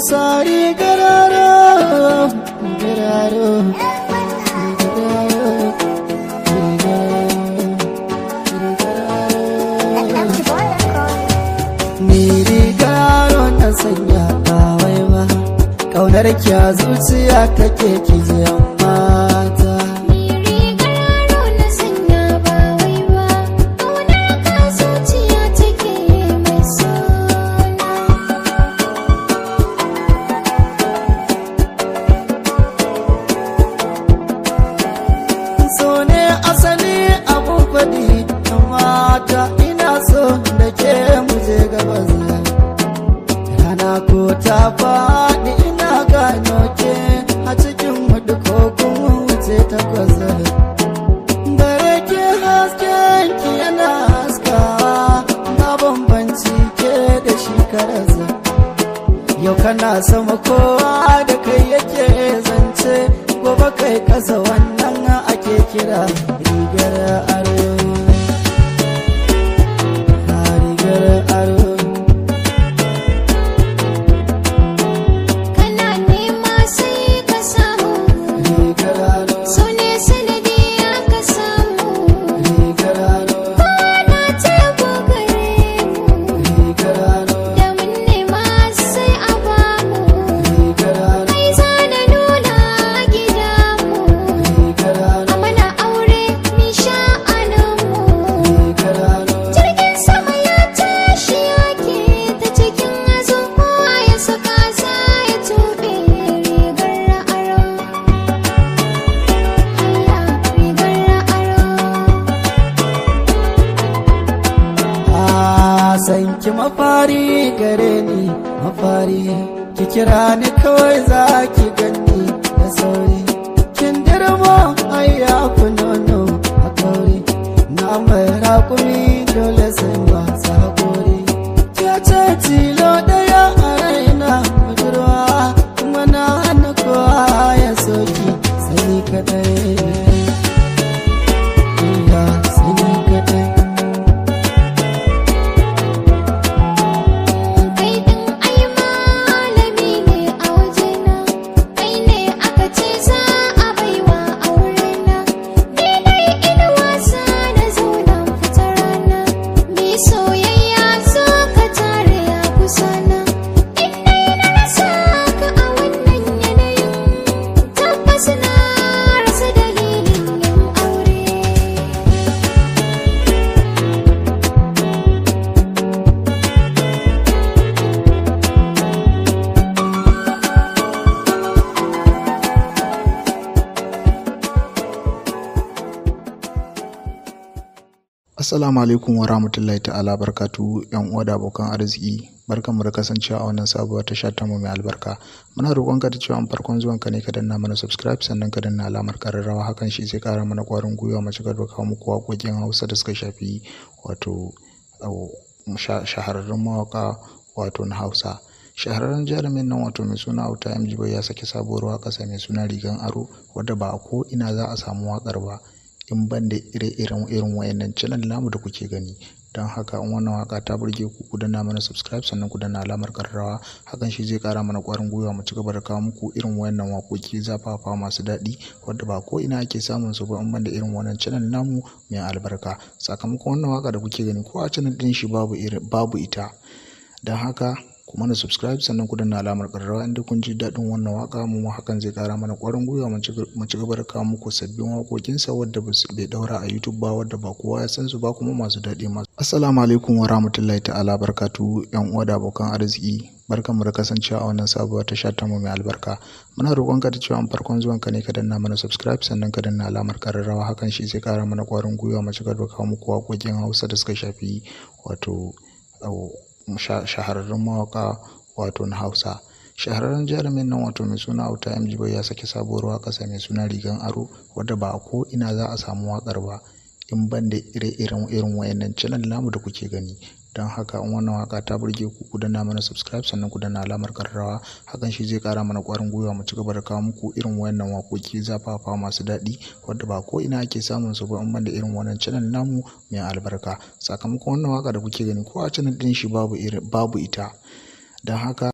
sari gararo gararo sanya ba wai ba kaunar kya zuciya take ki ji amma daɗi mata ina so da ke mu je gabas rana ko ta faɗi ina gano ke a cikin wadda ko kuma wuce takwas bare ke hasken ki yana haska na bambanci ke da shi karasa yau kana sama kowa da kai yake zance gobe kai kasa wannan ake kira san ki mafari gare ni mafari ki kira ni kawai za ki gani da sauri Assalamu alaikum wa rahmatullahi ta'ala barkatu yan uwa da abokan arziki barkanmu da kasancewa a wannan sabuwar tasha ta mu mai albarka muna roƙon ka da cewa an farkon zuwan ka ne ka danna mana subscribe sannan ka danna alamar kararrawa hakan shi zai ƙara mana ƙwarin gwiwa mace ka doka muku waƙoƙin Hausa da suka shafi wato shahararrun mawaƙa wato na Hausa shahararren jarumin nan wato mai suna auta mjibai ya saki sabuwar waƙarsa mai suna rigan aro wadda ba a ko ina za a samu waƙar ba in ban da ire-iren irin wayannan channel namu da kuke gani don haka in wannan waka ta burge ku ku danna mana subscribe sannan ku danna alamar karrawa hakan shi zai kara mana kwarin gwiwa mu ci gaba da kawo muku irin wayannan wakoki zafafa masu daɗi wadda ba ko ina ake samun su ba in ban da irin wannan channel namu mai albarka sakamakon wannan waka da kuke gani ko a channel din shi babu babu ita don haka kuma na subscribe sannan ku danna alamar ƙararrawa inda kun ji daɗin wannan waƙa mu hakan zai kara mana ƙwarin gwiwa mu ci gaba da kawo muku sabbin waƙoƙinsa wanda bai daura a YouTube ba wadda ba kowa ya san su ba kuma masu daɗi masu. Assalamu alaikum wa rahmatullahi ta'ala barkatu ƴan uwa da abokan arziki mu da kasancewa a wannan sabuwar tasha ta mu mai albarka muna ka da cewa farkon zuwan ka ne ka danna mana subscribe sannan ka danna alamar ƙararrawa hakan shi zai kara mana ƙwarin gwiwa mu ci gaba da kawo muku waƙoƙin Hausa da suka shafi wato shahararrun mawaƙa wato na Hausa. Shahararren jarumin nan wato mai suna Auta M bai ya saki sabuwar waƙarsa mai suna rigan Aro wadda ba a ko ina za a samu waƙar ba. in ban da ire-iren irin waɗannan channel namu da kuke gani. Don haka in wannan waka ta burge ku, ku danna mana subscribe sannan ku danna alamar karrawa Hakan shi zai kara mana kwarin gwiwa mu ci gaba da kawo muku irin wayannan wakoki zafafa masu daɗi wadda ba ko ina ake samun su ba in ban da irin wannan channel namu mai albarka. Sakamakon wannan waka da kuke gani ko a channel din shi babu ita. Don haka.